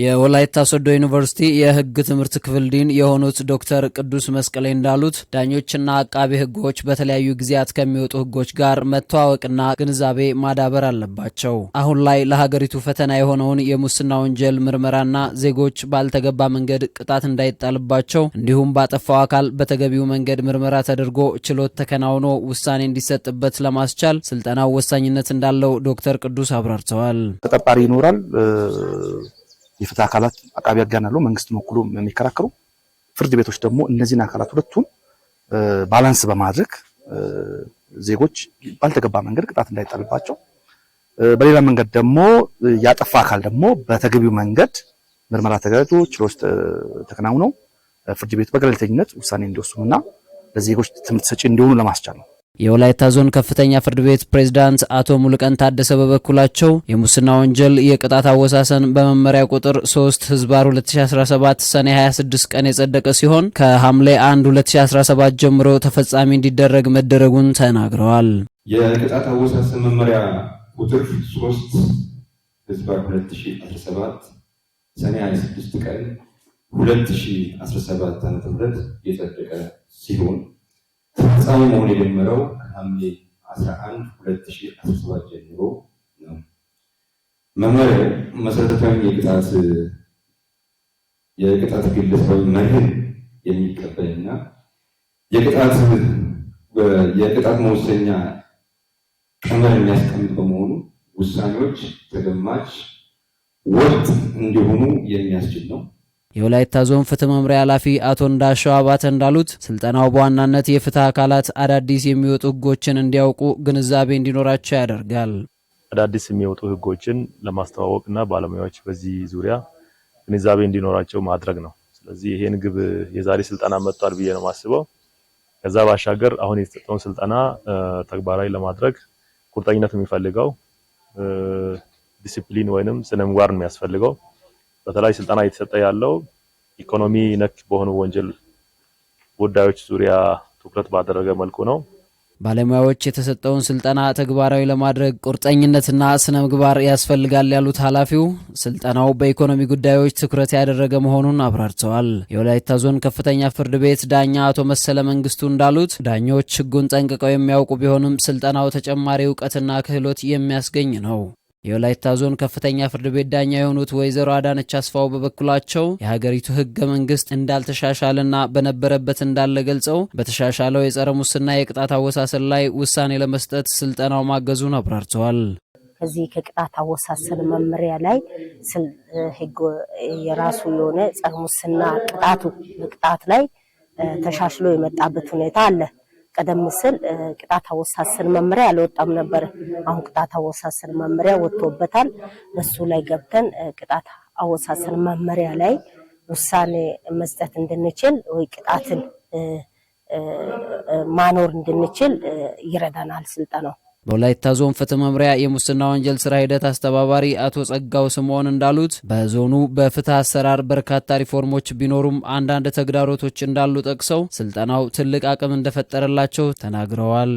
የወላይታ ሶዶ ዩኒቨርሲቲ የሕግ ትምህርት ክፍል ዲን የሆኑት ዶክተር ቅዱስ መስቀሌ እንዳሉት ዳኞችና አቃቢ ሕጎች በተለያዩ ጊዜያት ከሚወጡ ሕጎች ጋር መተዋወቅና ግንዛቤ ማዳበር አለባቸው። አሁን ላይ ለሀገሪቱ ፈተና የሆነውን የሙስና ወንጀል ምርመራና ዜጎች ባልተገባ መንገድ ቅጣት እንዳይጣልባቸው እንዲሁም ባጠፋው አካል በተገቢው መንገድ ምርመራ ተደርጎ ችሎት ተከናውኖ ውሳኔ እንዲሰጥበት ለማስቻል ስልጠናው ወሳኝነት እንዳለው ዶክተር ቅዱስ አብራርተዋል። ተጠርጣሪ ይኖራል የፍትህ አካላት አቃቢ ሕጋን ያለው መንግስት ወክሎ የሚከራከሩ ፍርድ ቤቶች ደግሞ እነዚህን አካላት ሁለቱን ባላንስ በማድረግ ዜጎች ባልተገባ መንገድ ቅጣት እንዳይጣልባቸው፣ በሌላ መንገድ ደግሞ ያጠፋ አካል ደግሞ በተገቢው መንገድ ምርመራ ተገለጡ ችሎች ተከናውነው ፍርድ ቤቱ በገለልተኝነት ውሳኔ እንዲወስኑና ለዜጎች ትምህርት ሰጪ እንዲሆኑ ለማስቻል ነው። የወላይታ ዞን ከፍተኛ ፍርድ ቤት ፕሬዝዳንት አቶ ሙሉቀን ታደሰ በበኩላቸው የሙስና ወንጀል የቅጣት አወሳሰን በመመሪያ ቁጥር 3 ህዝባር 2017 ሰኔ 26 ቀን የጸደቀ ሲሆን ከሐምሌ 1 2017 ጀምሮ ተፈጻሚ እንዲደረግ መደረጉን ተናግረዋል። የቅጣት አወሳሰን መመሪያ ቁጥር 3 ህዝባር 2017 ሰኔ 26 ቀን 2017 ዓ.ም የጸደቀ ሲሆን ፍጻሜ መሆን የጀመረው ከሐምሌ 11 2017 ጀምሮ ነው። መመሪያው መሰረታዊ የቅጣት የቅጣት ግለሰባዊ መርህን የሚቀበልና የቅጣት የቅጣት መወሰኛ ቀመር የሚያስቀምጥ በመሆኑ ውሳኔዎች ተገማች፣ ወጥ እንዲሆኑ የሚያስችል ነው። የወላይታ ዞን ፍትህ መምሪያ ኃላፊ አቶ እንዳሸው አባተ እንዳሉት ስልጠናው በዋናነት የፍትህ አካላት አዳዲስ የሚወጡ ህጎችን እንዲያውቁ ግንዛቤ እንዲኖራቸው ያደርጋል። አዳዲስ የሚወጡ ህጎችን ለማስተዋወቅና ባለሙያዎች በዚህ ዙሪያ ግንዛቤ እንዲኖራቸው ማድረግ ነው። ስለዚህ ይሄን ግብ የዛሬ ስልጠና መጥቷል ብዬ ነው የማስበው። ከዛ ባሻገር አሁን የተሰጠውን ስልጠና ተግባራዊ ለማድረግ ቁርጠኝነት የሚፈልገው ዲሲፕሊን ወይንም ስነምግባር ነው የሚያስፈልገው። በተለይ ስልጠና እየተሰጠ ያለው ኢኮኖሚ ነክ በሆኑ ወንጀል ጉዳዮች ዙሪያ ትኩረት ባደረገ መልኩ ነው። ባለሙያዎች የተሰጠውን ስልጠና ተግባራዊ ለማድረግ ቁርጠኝነትና ስነ ምግባር ያስፈልጋል ያሉት ኃላፊው ስልጠናው በኢኮኖሚ ጉዳዮች ትኩረት ያደረገ መሆኑን አብራርተዋል። የወላይታ ዞን ከፍተኛ ፍርድ ቤት ዳኛ አቶ መሰለ መንግስቱ እንዳሉት ዳኞች ሕጉን ጠንቅቀው የሚያውቁ ቢሆንም ስልጠናው ተጨማሪ እውቀትና ክህሎት የሚያስገኝ ነው። የወላይታ ዞን ከፍተኛ ፍርድ ቤት ዳኛ የሆኑት ወይዘሮ አዳነች አስፋው በበኩላቸው የሀገሪቱ ህገ መንግስት እንዳልተሻሻለና በነበረበት እንዳለ ገልጸው በተሻሻለው የጸረ ሙስና የቅጣት አወሳሰል ላይ ውሳኔ ለመስጠት ስልጠናው ማገዙን አብራርተዋል። እዚህ ከቅጣት አወሳሰል መመሪያ ላይ የራሱ የሆነ ጸረ ሙስና ቅጣቱ ቅጣት ላይ ተሻሽሎ የመጣበት ሁኔታ አለ። ቀደም ሲል ቅጣት አወሳሰን መመሪያ አልወጣም ነበር። አሁን ቅጣት አወሳሰን መመሪያ ወጥቶበታል። በሱ ላይ ገብተን ቅጣት አወሳሰን መመሪያ ላይ ውሳኔ መስጠት እንድንችል ወይ ቅጣትን ማኖር እንድንችል ይረዳናል ስልጠናው። በወላይታ ዞን ፍትህ መምሪያ የሙስና ወንጀል ስራ ሂደት አስተባባሪ አቶ ጸጋው ስምዖን እንዳሉት በዞኑ በፍትህ አሰራር በርካታ ሪፎርሞች ቢኖሩም አንዳንድ ተግዳሮቶች እንዳሉ ጠቅሰው ስልጠናው ትልቅ አቅም እንደፈጠረላቸው ተናግረዋል።